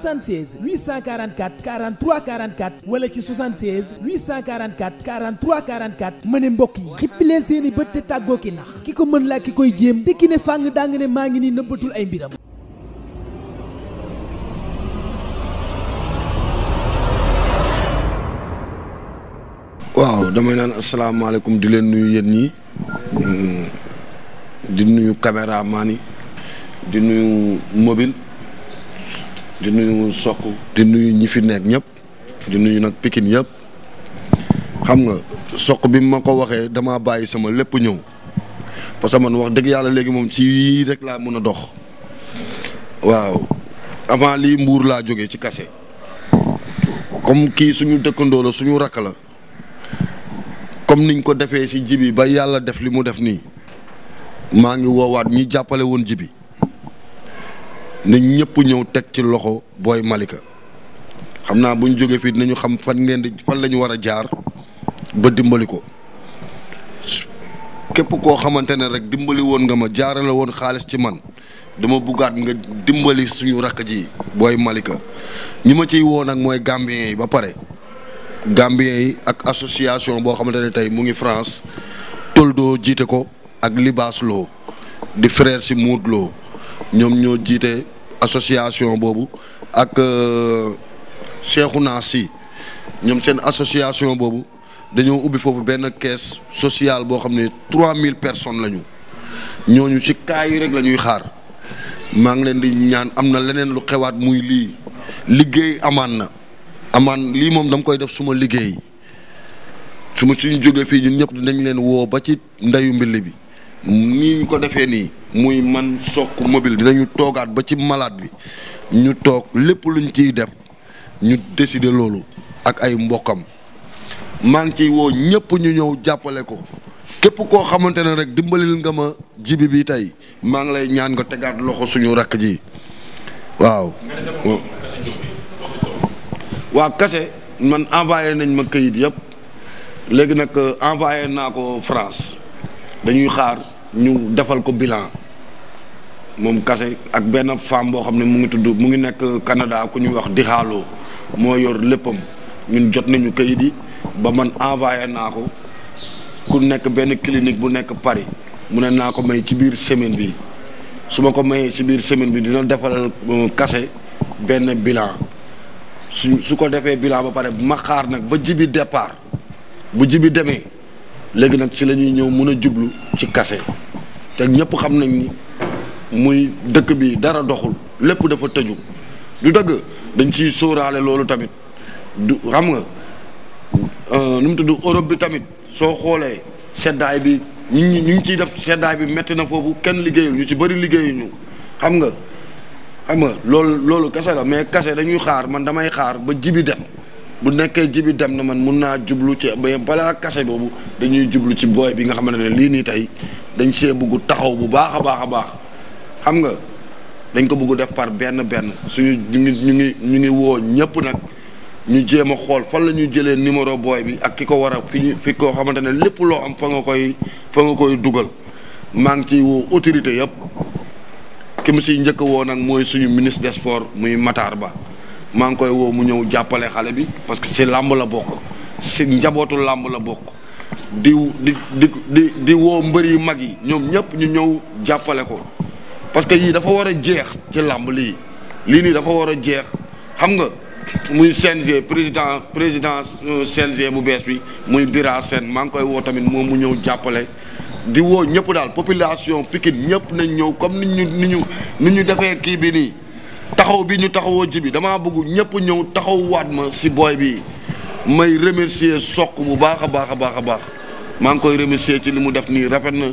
76 844 43 44 wala ci 76 844 43 44 ma ne mbokk yi xippi seeni bët tàggoo ki nax ki ko mën laa koy jéem te ki ne fàng daa ngi nii nëbbatul ay mbiram. waaw damay naan asalaamaaleykum di leen nuyu yéen ñi mm, di nuyu caméraman yi di nuyu mobile. di nuyu Sokk di nuyu ñi fi nekk ñëpp di nuyu nag Pikine yëpp xam nga soq bi mu ma ko waxee damaa bàyyi sama lépp ñëw parce que man wax dëgg yàlla léegi moom si yii laa mën a dox waaw avant lii mbuur laa jógee ci kase comme kii suñu dëkkandoo la suñu rakk la comme niñ ko defee si jibi ba yàlla def li mu def nii maa ngi woowaat ñi jàppale woon jibi nañ ñëpp ñëw teg ci loxo booy Malika xam naa bu ñu jógee fii dinañu xam fan ngeen di fan la war a jaar ba dimbali ko képp koo xamante ne rek dimbali woon nga ma jaarale woon xaalis ci man dama buggaat nga dimbali suñu raq ji booy Malika ñi ma ciy woo nag mooy Gambien yi ba pare Gambien yi ak association boo xamante ne tey mu ngi France Toldo jiite ko ak Libaas Lo di frère si Mood Lo ñoom ñoo jiite association boobu ak euh, naa si ñoom seen association boobu dañoo ubbi foofu benn caisse social boo xam ne mille personnes lañu ñooñu ci kaa yi rek la ñuy xaar maa ngi leen di ñaan am na leneen lu xewaat muy lii liggéey amaan na amaan lii moom dam koy def suma liggéey su ma suñu jógee fii ñun ñëpp dinañ leen woo ba ci ndeyu mbill bi nii ñu ko defee nii muy man Sokh Mobile dinañu toogaat ba ci malaat bi ñu toog lépp luñ ciy def ñu décider loolu ak ay mbokkam maa ngi ciy woo ñëpp ñu ñëw jàppale ko képp koo xamante ne rek dimbalil nga ma jibi bi tey maa ngi lay ñaan nga tegaat loxo suñu rakk ji waaw. waa kase man envoyé nañ ma kayit yëpp léegi nag euh, envoyé naa ko France. dañuy xaar ñu defal ko bilan moom kase ak benn femme boo xam ne mu ngi tudd mu ngi nekk Canada ku ñuy wax di xaaloo moo yor léppam ñun jot nañu kayit yi ba man envoyé naa ko ku nekk benn clinique bu nekk Paris mu ne naa ko may ci biir semaine bi su ma ko mayee ci biir semaine bi dina defal euh, kase benn bilan su su ko defee bilan ba pare ma xaar nag ba jibi départ bu jibi demee léegi nag ci lañuy ñëw mun a jublu ci kase te ñëpp xam nañ ni muy dëkk bi dara doxul lépp dafa tëju du dëgg dañ ciy sóoraale loolu tamit du xam nga euh, nu mu tudd Europe bi tamit soo xoolee seddaay bi ñu ñu ñu ngi ciy def seddaay bi metti na foofu kenn liggéeyul ñu ci bëri liggéeyuñu xam nga xam nga loolu loolu kase la mais kase dañuy xaar man damay xaar ba jibi dem bu nekkee jibi dem na man mun naa jublu ci ba balaa kase boobu dañuy jublu ci booy bi nga xamante ne lii nii tey dañ see buggu taxaw bu baax a baax a baax xam nga dañ ko bëgg def par benn benn suñu ñu ñu ngi ñu ngi woo ñëpp nag ñu jéem a xool fan la ñuy jëlee numéro booy bi ak ki ko war a fi fi koo xamante ne lépp loo am fa nga koy fa nga koy dugal maa ngi ciy woo autorité yëpp ki mu siy njëkk woo nag mooy suñu ministre des sports muy Matar Ba. maa ngi koy woo mu ñëw jàppale xale bi parce que ci làmb la bokk ci njabootu làmb la bokk di di di woo mbër yu mag yi ñoom ñëpp ñu ñëw jàppale ko parce que yii dafa war a jeex ci làmb lii lii nii dafa war a jeex xam nga muy CNG président président euh, CNG bu bees bi muy Bira Sène maa ngi koy woo tamit moom mu ñëw jàppale di woo ñëpp daal population Pikine ñëpp nañ ñëw comme ni ni ñu ni ñu defee kii bi nii taxaw bi ñu taxawoo ci bi damaa bëgg ñëpp ñëw waat ma si booy bi may remercier soq bu baax a baax a baax a baax maa ngi koy remercier ci li mu def nii rafet na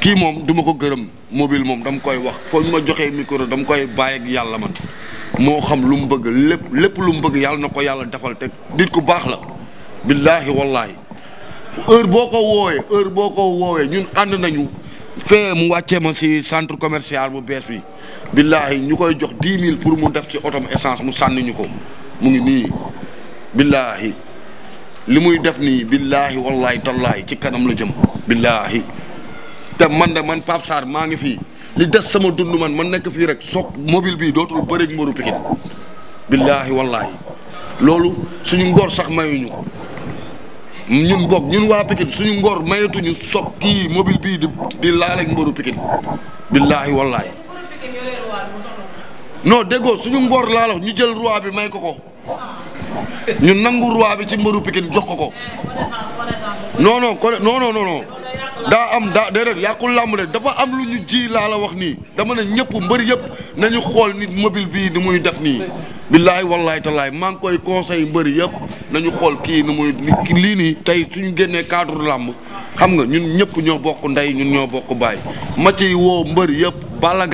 kii moom duma ko gërëm mobile moom dama koy wax kon ma joxe micro dama koy bàyyi yàlla ma moo xam lu mu bëgg lépp lépp lu mu bëgg yàlla na ko yàlla defal te nit ku baax la billaahi wallaahi heure boo ko woowee heure boo ko woowee ñun ànd nañu fee mu wàccee ma si centre commercial bu bees bi billaahi ñu koy jox dix mille pour mu def ci otom essence mu sànni ñu ko mu ngi nii billaahi li muy def nii billaahi wallaahi tallaahi ci kanam la jëm billaahi te man de man Pape Sarr maa ngi fii li des sama dund man man nekk fii rek soog mobile bii dootul bëreeg mbaru Pikine billaahi wallaahi loolu suñu ngoor sax mayuñu ko ñun boog ñun waa Pikine suñu ngoor mayatuñu soog kii mobile bii di di laaleeg mbaru Pikine billaahi wallaahi noo déggoo suñu ngor laa la ñu jël roi bi may ko ko ñu nangu roi bi ci mbëru Pikine jox ko ko noonoo non kon non daa am daa déedéet yàqul làmb de dafa am lu ñu ji laa la wax nii dama ne ñëpp mbëri yëpp nañu xool nit mobile bii ni muy def nii billaay wallaay talaay maa ngi koy conseil mbëri yëpp nañu xool kii ni muy lii nii tey suñu génnee cadre làmb xam nga ñun ñëpp ñoo bokk ndey ñu ñoo bokk baay ma ciy woo mbëri yëpp Balla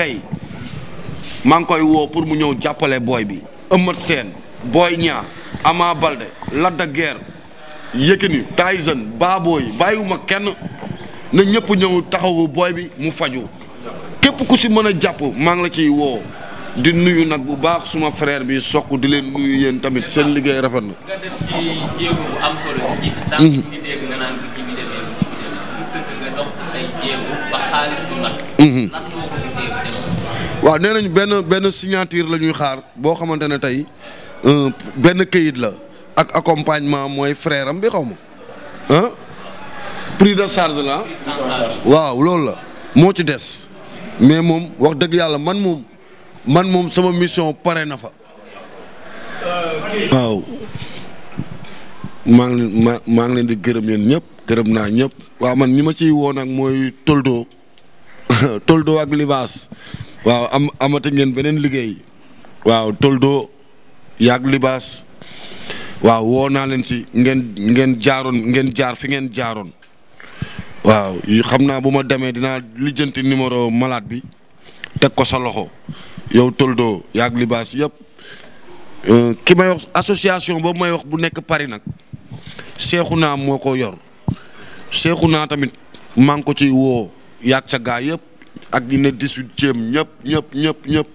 maa ngi koy woo pour mu ñëw jàppale booy bi Eumeu seen booy Niang Ama Baldé Lac de Guiers Yékini Tyson Baboy bàyyiwuma kenn na ñëpp ñëw taxawu booy bi mu faju képp ku si mën a jàpp maa ngi la ciy woo di nuyu nag bu baax suma frère bi soq di leen nuyu yéen tamit seen liggéey rafet na. waaw nee nañ benn benn signature la ñuy xaar boo xamante ne tey euh, benn kayit la ak accompagnement mooy frère bi xaw ma pris prix de charge la waaw loolu la moo ci des mais moom wax dëgg yàlla man moom man moom sama mission pare na fa waaw maa ngi ma maa ngi leen di gërëm yéen ñëpp gërëm naa ñëpp waaw man ñi ma ciy woo nag mooy toldo toldoo ak libaas waaw am amati ngeen beneen liggéey waaw Toldo yaag libaas waaw woo naa leen ci ngeen ngeen jaaroon ngeen jaar fi ngeen jaaroon waaw xam naa bu ma demee dinaa lijjanti numéro malaat bi teg ko sa loxo yow Toldo yag libaas yépp euh, ki may wax association boobu may wax bu nekk Paris nag seexu naa moo ko yor seexu naa tamit maa ngi ko ci woo yaag sa gaa yëpp. ak ñi ne dix-huitième ñëpp ñëpp ñëpp ñëpp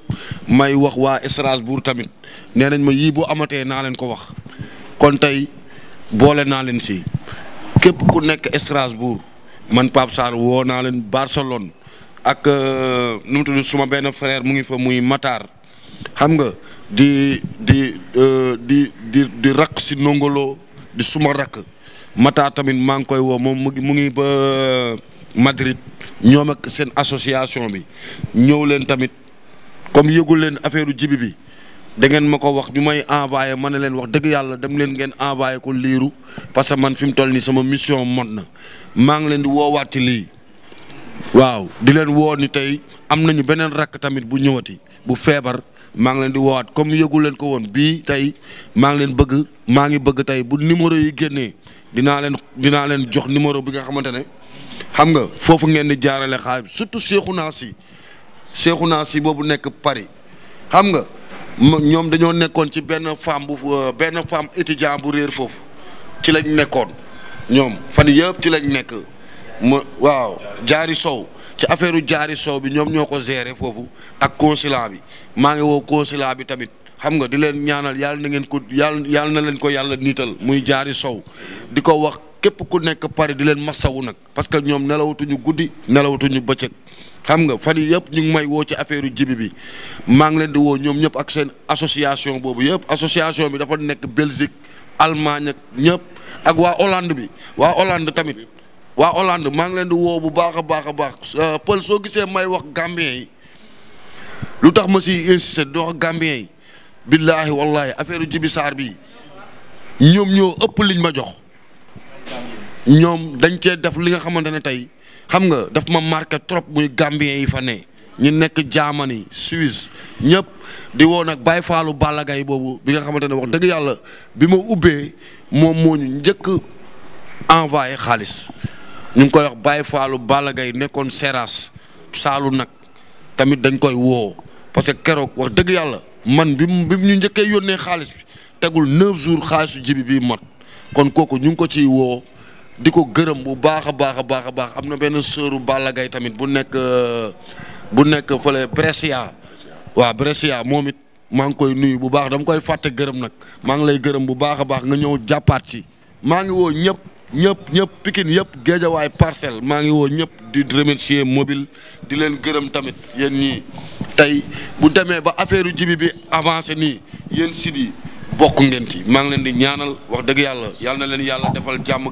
may wax waa Strasbourg tamit nee nañ ma yii bu amatee naa leen ko wax kon tey boole naa leen si képp ku nekk Strasbourg man Pape Sarr woo naa leen Barcelone ak euh, nu mu tudd suma benn frère mu ngi fa muy Matar xam nga di di euh, di di di rakk si nongolo di suma rakk Matar tamit maa ngi koy woo moom mu ngi mu ngi ba euh, Madrid. ñoom ak seen association bi ñëw leen tamit comme yëgul leen affaire jibi bi da ngeen ma ko wax ñu may envoyé ma ne leen wax dëgg yàlla dem leen ngeen envoyé ko liiru parce que man fi mu toll nii sama mission mot na maa ngi leen di woowaat ci lii waaw di leen woo ni tey am nañu beneen rakk tamit bu ñëwati bu feebar maa ngi leen di woowaat comme yëgul leen ko woon bii tey maa ngi leen bëgg maa ngi bëgg tey bu numéro yi génnee dinaa leen dinaa leen jox numéro bi nga xamante ne. xam nga foofu ngeen di jaarale xaalis surtout seexu naa si seexu naa si boobu nekk Paris xam nga ñoom dañoo nekkoon ci benn femme bu euh, benn femme étudiant bu réer foofu ci lañ nekkoon ñoom fan yëpp ci lañ nekk ma waaw jaari sow ci affaire jaari sow bi ñoom ñoo ko gérer foofu ak consulat bi maa ngi woo consulat bi tamit xam nga di leen ñaanal yàlla na ngeen ko yàlla yàlla na leen ko yàlla niital muy jaari sow di ko wax. képp ku nekk Paris di leen masawu nag parce que ñoom nelawatuñu guddi nelawatuñu bëccëg xam nga fan yii yëpp ñu ngi may woo ci affaire jibi bi maa ngi leen di woo ñoom ñëpp ak seen association boobu yëpp association bi dafa nekk Belgique Allemagne ak ñëpp ak waa Hollande bi waa Hollande tamit waa Hollande maa ngi leen di woo bu baax a baax a baax euh, Pël soo gisee may wax Gambien yi lu tax ma si insisté doo wax Gambien yi billaahi wallaahi affaire jibi saar bi ñoom ñoo ëpp liñ ma jox. ñoom dañ cee def li nga xamante ne tey xam nga daf ma marqué trop muy Gambien yi fa ne ñu nekk Germany Suisse ñëpp di woo nag Baye Fallou Balla Gaye boobu bi nga xamante ne wax dëgg yàlla bi ma ubbee moom moo ñu njëkk envoyé xaalis ñu ngi koy wax Baye Fallou Balla Gaye nekkoon Seras saalu nag tamit dañ koy woo parce que keroog wax dëgg yàlla man bi mu bi ñu njëkkee yónnee xaalis bi tegul neuf jour xaalisu jibi bii mat kon kooku ñu ngi ko ciy woo di ko gërëm bu baax a baax a baax a baax am na benn sëru Balla Gaye tamit bu nekk euh, bu nekk fële Brescia waaw Brescia moom it maa ngi koy nuyu bu baax dama koy fàtte gërëm nag maa ngi lay gërëm bu baax a baax nga ñëw jàppaat si maa ngi woo ñëpp ñëpp ñëpp pikin yëpp géejawaay parcelle maa ngi woo ñëpp di remercier mobile di leen gërëm tamit yéen ñii tey bu demee ba affaire jibi bi avancé nii yéen sit yi bokk ngeen ci maa ngi leen di ñaanal wax dëgg yàlla yàlla na leen yàlla defal jàmm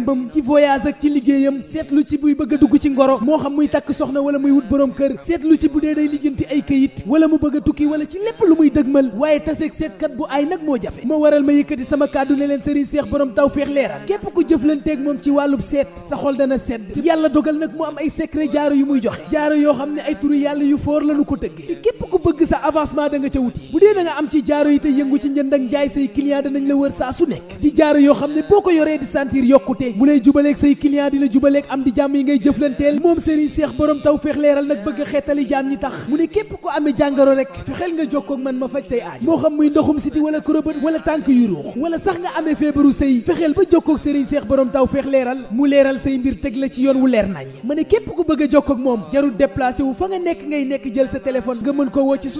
jëmbam ci voyage ak ci liggéeyam seetlu ci buy bëgg dugg ci ngoro moo xam muy takk soxna wala muy wut borom kër seetlu ci bu dee day lijjanti ay kayit wala mu bëgg tukki wala ci lépp lu muy dëgmal waaye taseeg seetkat bu ay nag moo jafe ma waral ma yëkkati sama kàddu ne leen sëriñ seex borom taw feex leeral képp ko jëflanteeg moom ci wàllub seet sa xol dana sedd yàlla dogal nag mu am ay secret jaaro yu muy joxe jaaro yoo xam ne ay turi yàlla yu foor lañu ko tëggee képp sa avancement da nga ca wuti bu dee da am ci jaaro yi te yëngu ci njënd ak njaay say client danañ la wër saa su nekk di jaaro yoo xam ne boo ko yoree di sentir yokkute mu lay jubaleeg say client di la jubaleeg am di jàmm yi ngay jëflanteel moom Serigne Cheikh borom taw feex leeral nag bëgg a xeetali jaam ñi tax mu ne képp ko amee jàngaro rek fexeel nga jokkoo ak man ma faj say aaj moo xam muy ndoxum siti wala kurobët wala tànk yu ruux wala sax nga amee feebaru sëy fexeel ba jokkoo ak Serigne Cheikh borom taw feex mu leeral say mbir teg la ci yoon leer nañ ma ne képp ku bëgg a jokkoo moom jarul déplacé wu fa nga nekk ngay nekk jël sa téléphone nga mën ko woo ci